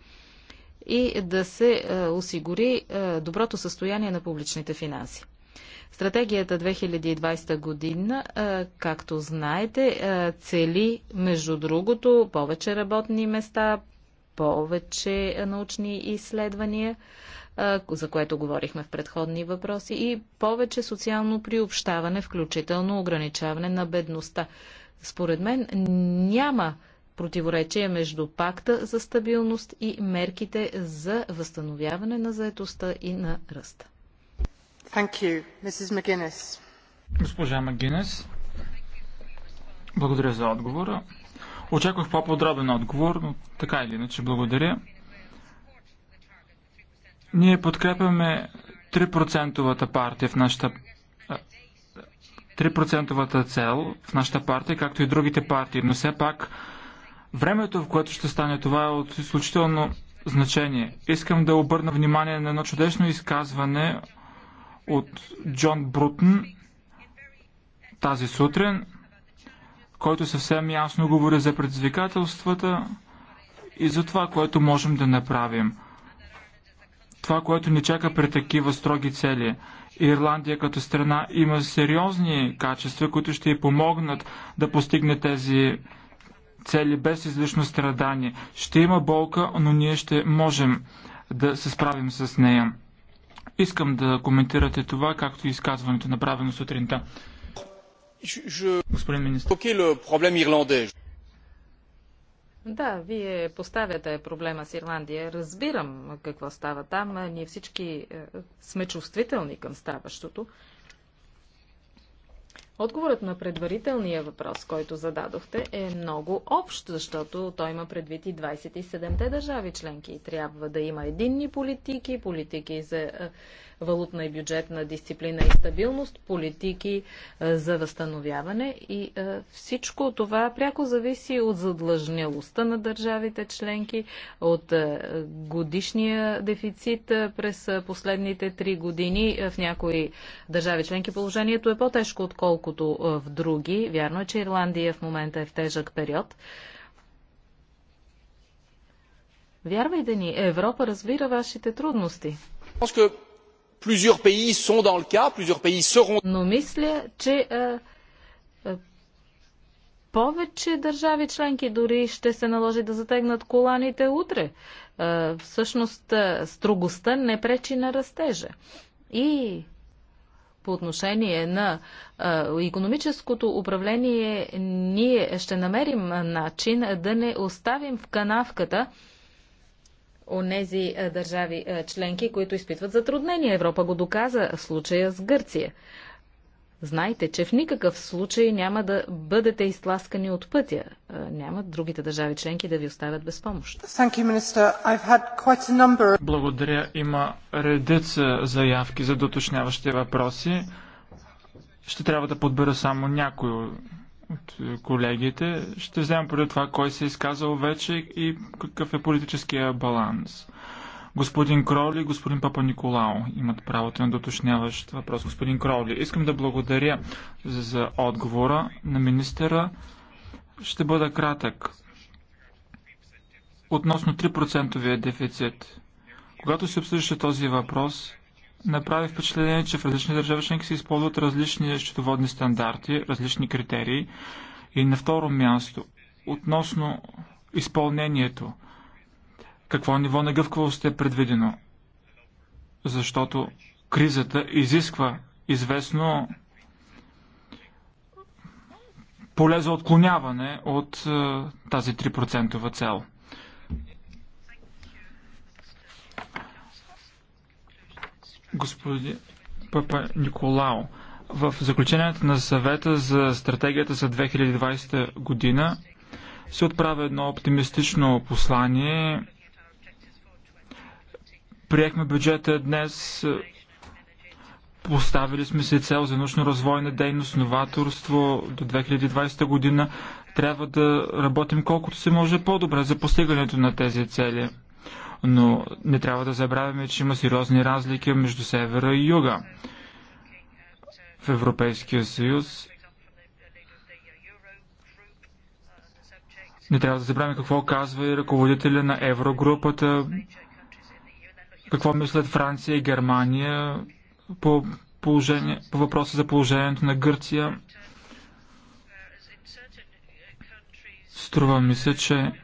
S1: и да се е, осигури е, доброто състояние на публичните финанси. Стратегията 2020 година, е, както знаете, цели, между другото, повече работни места, повече научни изследвания, за което говорихме в предходни въпроси, и повече социално приобщаване, включително ограничаване на бедността. Според мен няма противоречие между пакта за стабилност и мерките за възстановяване на заетостта и на
S2: ръста. Госпожа Магинес, благодаря за отговора. Очаквах по-подробен отговор, но така или иначе благодаря. Ние подкрепяме 3 партия в нашата 3 цел в нашата партия, както и другите партии, но все пак времето, в което ще стане това е от изключително значение. Искам да обърна внимание на едно чудесно изказване от Джон Брутън тази сутрин, който съвсем ясно говори за предизвикателствата и за това, което можем да направим това, което ни чака при такива строги цели. Ирландия като страна има сериозни качества, които ще й помогнат да постигне тези цели без излишно страдание. Ще има болка, но ние ще можем да се справим с нея. Искам да коментирате това, както и изказването направено сутринта. Господин министр.
S1: Да, вие поставяте проблема с Ирландия. Разбирам какво става там. Ние всички е, сме чувствителни към ставащото. Отговорът на предварителния въпрос, който зададохте, е много общ, защото той има предвид и 27-те държави членки. Трябва да има единни политики, политики за е, валутна и бюджетна дисциплина и стабилност, политики е, за възстановяване и е, всичко това пряко зависи от задлъжнялостта на държавите членки, от е, годишния дефицит през последните три години. В някои държави членки положението е по-тежко, отколкото в други. Вярно е, че Ирландия в момента е в тежък период. Вярвайте ни, Европа разбира вашите трудности.
S3: Plusieurs pays sont dans le cas, plusieurs pays seront.
S1: Но мисля, че а, е, а, е, повече държави членки дори ще се наложи да затегнат коланите утре. А, е, всъщност, строгостта не пречи на растежа. И по отношение на а, економическото управление, ние ще намерим начин да не оставим в канавката онези е, държави е, членки, които изпитват затруднения. Европа го доказа в случая с Гърция. Знайте, че в никакъв случай няма да бъдете изтласкани от пътя. Е, няма другите държави членки да ви оставят без
S2: помощ. Благодаря. Има редица заявки за доточняващи въпроси. Ще трябва да подбера само някои от е, колегите. Ще вземем преди това кой се е изказал вече и какъв е политическия баланс. Господин Кроли и господин Папа Николао имат правото на доточняващ въпрос. Господин Кроли, искам да благодаря за, за отговора на министера. Ще бъда кратък. Относно 3% дефицит. Когато се обсъждаше този въпрос, Направи впечатление, че в различни държави членки се използват различни счетоводни стандарти, различни критерии. И на второ място, относно изпълнението, какво ниво на гъвкавост е предвидено? Защото кризата изисква известно поле за отклоняване от е, тази 3% цел. господин Папа Николао. В заключението на съвета за стратегията за 2020 година се отправя едно оптимистично послание. Приехме бюджета днес. Поставили сме се цел за научно-развойна дейност, новаторство до 2020 година. Трябва да работим колкото се може по-добре за постигането на тези цели но не трябва да забравяме, че има сериозни разлики между севера и юга. В Европейския съюз не трябва да забравяме какво казва и ръководителя на Еврогрупата, какво мислят Франция и Германия по, положение, по въпроса за положението на Гърция. Струва ми се, че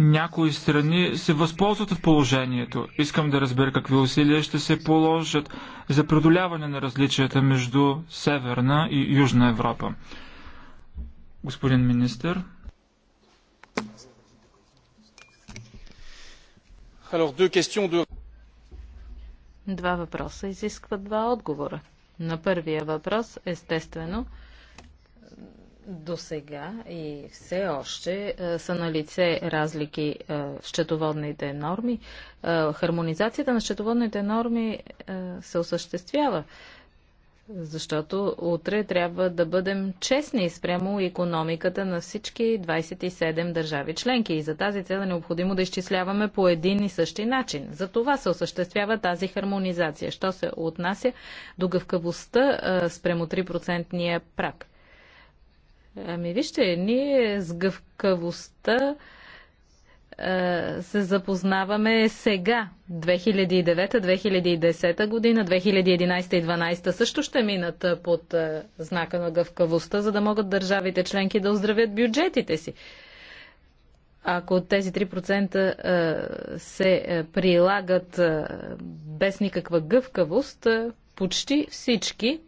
S2: някои страни се възползват от положението. Искам да разбера какви усилия ще се положат за преодоляване на различията между Северна и Южна Европа. Господин министър.
S1: Два въпроса изискват два отговора. На първия въпрос, естествено, до сега и все още е, са на лице разлики е, в счетоводните норми. Е, хармонизацията на счетоводните норми се осъществява, защото утре трябва да бъдем честни спрямо економиката на всички 27 държави членки. И за тази цел е необходимо да изчисляваме по един и същи начин. За това се осъществява тази хармонизация. Що се отнася до гъвкавостта спрямо 3 прак? Ами вижте, ние с гъвкавостта се запознаваме сега, 2009-2010 година, 2011 2012 също ще минат под знака на гъвкавостта, за да могат държавите членки да оздравят бюджетите си. Ако тези 3% се прилагат без никаква гъвкавост, почти всички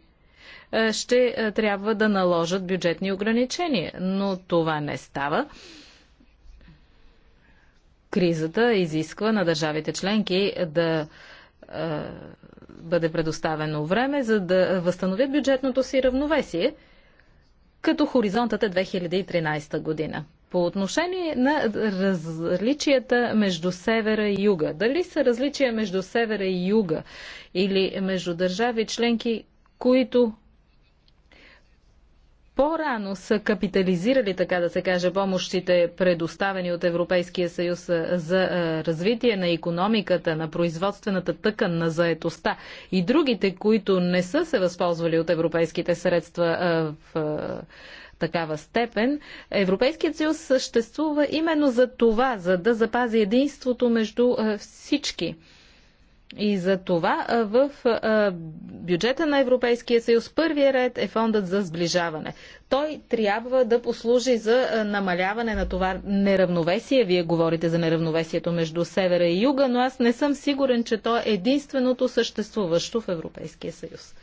S1: е, ще е, трябва да наложат бюджетни ограничения. Но това не става. Кризата изисква на държавите членки да е, бъде предоставено време, за да възстановят бюджетното си равновесие, като хоризонтът е 2013 година. По отношение на различията между севера и юга, дали са различия между севера и юга или между държави членки, които по-рано са капитализирали, така да се каже, помощите, предоставени от Европейския съюз за развитие на економиката, на производствената тъкан, на заетостта и другите, които не са се възползвали от европейските средства в такава степен. Европейският съюз съществува именно за това, за да запази единството между всички и за това в бюджета на Европейския съюз първия ред е фондът за сближаване. Той трябва да послужи за намаляване на това неравновесие. Вие говорите за неравновесието между севера и юга, но аз не съм сигурен, че то е единственото съществуващо в Европейския съюз.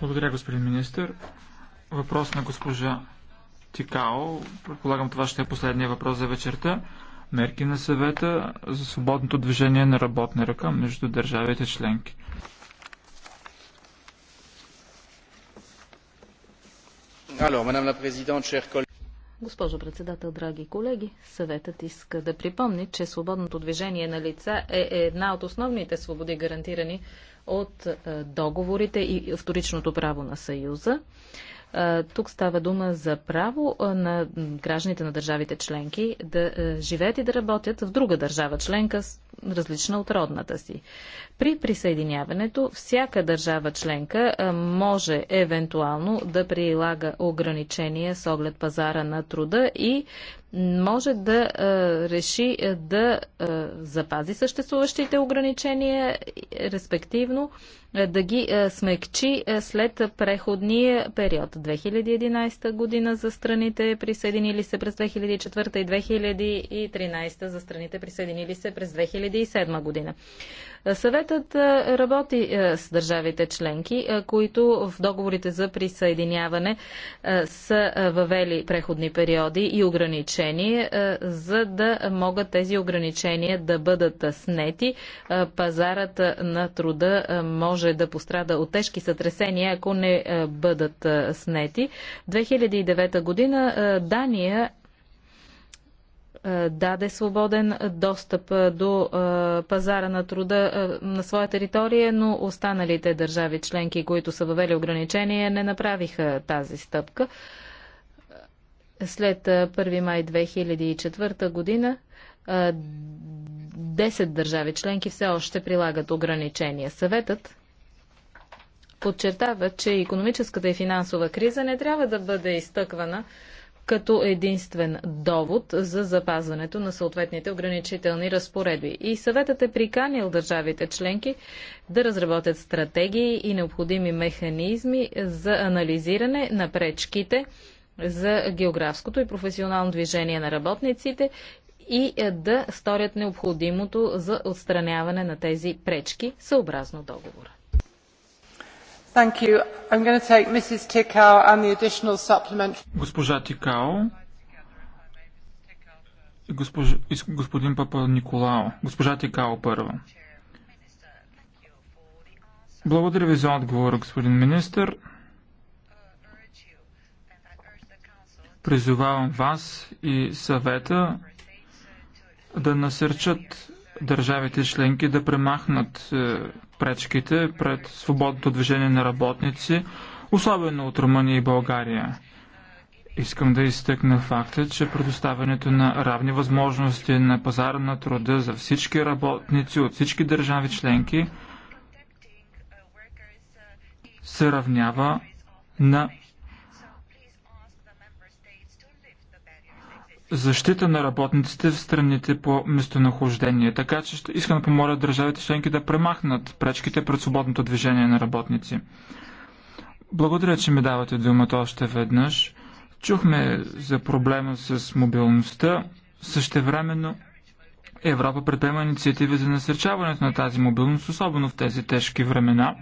S3: Благодаря, господин министр.
S2: Въпрос на госпожа Тикао. Предполагам, това ще е последния въпрос за вечерта мерки на съвета за свободното движение на работна ръка между държавите членки.
S1: Госпожо председател, драги колеги, съветът иска да припомни, че свободното движение на лица е една от основните свободи, гарантирани от е, договорите и вторичното право на Съюза. Тук става дума за право на гражданите на държавите членки да живеят и да работят в друга държава членка различна от родната си. При присъединяването всяка държава членка може евентуално да прилага ограничения с оглед пазара на труда и може да реши да запази съществуващите ограничения, респективно да ги смекчи след преходния период 2011 година за страните присъединили се през 2004 и 2013 за страните присъединили се през 2007 година. Съветът работи с държавите членки, които в договорите за присъединяване са въвели преходни периоди и ограничения, за да могат тези ограничения да бъдат снети. Пазарът на труда може да пострада от тежки сътресения, ако не бъдат снети. 2009 година Дания е, даде свободен е, достъп е, до пазара на труда на своя територия, но останалите държави членки, които са въвели ограничения, не направиха тази стъпка. След 1 май 2004 година 10 държави членки все още прилагат ограничения. Съветът подчертава, че економическата и финансова криза не трябва да бъде изтъквана като единствен довод за запазването на съответните ограничителни разпоредби. И съветът е приканил държавите членки да разработят стратегии и необходими механизми за анализиране на пречките за географското и професионално движение на работниците и да сторят необходимото за отстраняване на тези пречки съобразно договора.
S2: Госпожа Тикао и господин Папа Николао. Госпожа Тикао първа. Благодаря ви за отговора, господин министр. Призовавам вас и съвета да насърчат държавите членки да премахнат е, пречките пред свободното движение на работници, особено от Румъния и България. Искам да изтъкна факта, че предоставянето на равни възможности на пазара на труда за всички работници от всички държави членки се равнява на защита на работниците в страните по местонахождение. Така че искам да помоля държавите членки да премахнат пречките пред свободното движение на работници. Благодаря, че ми давате думата още веднъж. Чухме за проблема с мобилността. времено Европа предприема инициативи за насърчаването на тази мобилност, особено в тези тежки времена.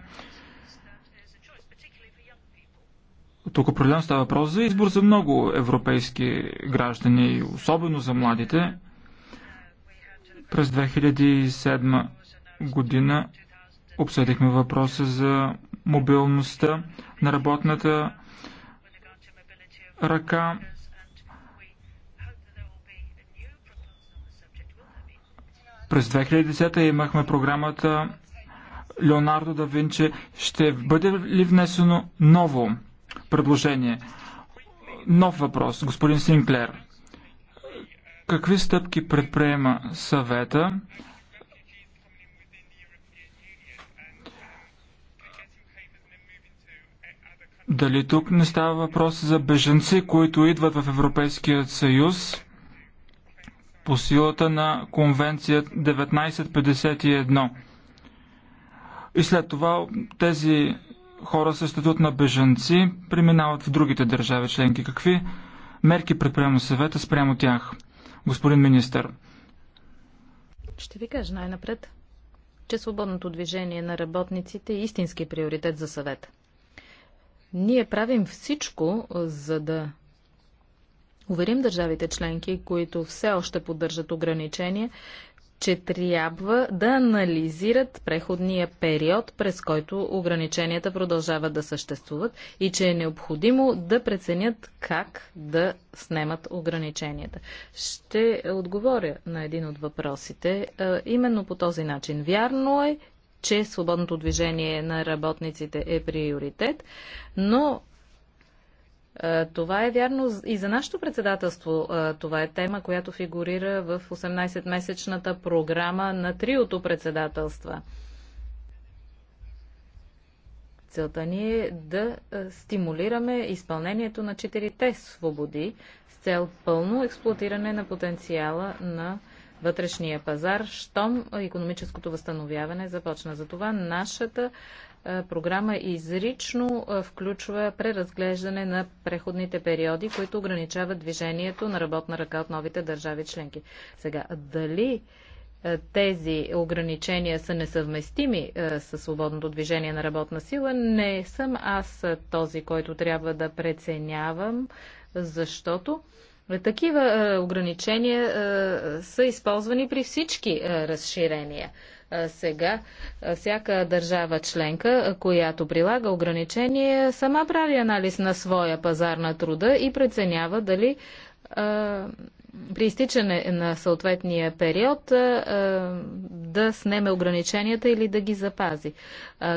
S2: Тук определено става въпрос за избор за много европейски граждани, особено за младите. През 2007 година обсъдихме въпроса за мобилността на работната ръка. През 2010 имахме програмата Леонардо да Винче. Ще бъде ли внесено ново предложение. Нов въпрос, господин Синклер. Какви стъпки предприема съвета Дали тук не става въпрос за беженци, които идват в Европейския съюз по силата на конвенция 1951? И след това тези хора с статут на бежанци преминават в другите държави членки. Какви мерки предприема съвета спрямо тях, господин министър?
S1: Ще ви кажа най-напред, че свободното движение на работниците е истински приоритет за съвета. Ние правим всичко, за да уверим държавите членки, които все още поддържат ограничения, че трябва да анализират преходния период, през който ограниченията продължават да съществуват и че е необходимо да преценят как да снемат ограниченията. Ще отговоря на един от въпросите. Именно по този начин. Вярно е, че свободното движение на работниците е приоритет, но е, това е вярно и за нашето председателство. Е, това е тема, която фигурира в 18-месечната програма на триото председателства. Целта ни е да е, стимулираме изпълнението на четирите свободи с цел пълно експлуатиране на потенциала на вътрешния пазар, щом економическото възстановяване започна. За това нашата е, програма изрично е, включва преразглеждане на преходните периоди, които ограничават движението на работна ръка от новите държави членки. Сега, дали е, тези ограничения са несъвместими с свободното движение на работна сила, не съм аз този, който трябва да преценявам, защото такива ограничения са използвани при всички разширения сега всяка държава членка, която прилага ограничения, сама прави анализ на своя пазар на труда и преценява дали при изтичане на съответния период да снеме ограниченията или да ги запази.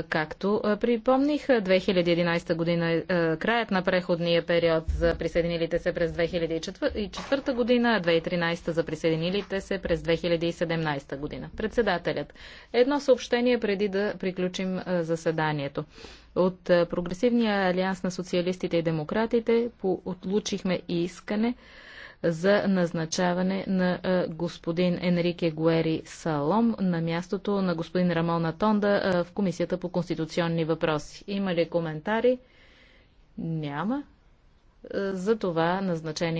S1: Както припомних, 2011 година е краят на преходния период за присъединилите се през 2004 година, а 2013 за присъединилите се през 2017 година. Председателят. Едно съобщение преди да приключим заседанието. От Прогресивния алианс на социалистите и демократите получихме искане за назначаване на господин Енрике Гуери Салом на мястото на господин Рамона Тонда в Комисията по конституционни въпроси. Има ли коментари? Няма. За това назначение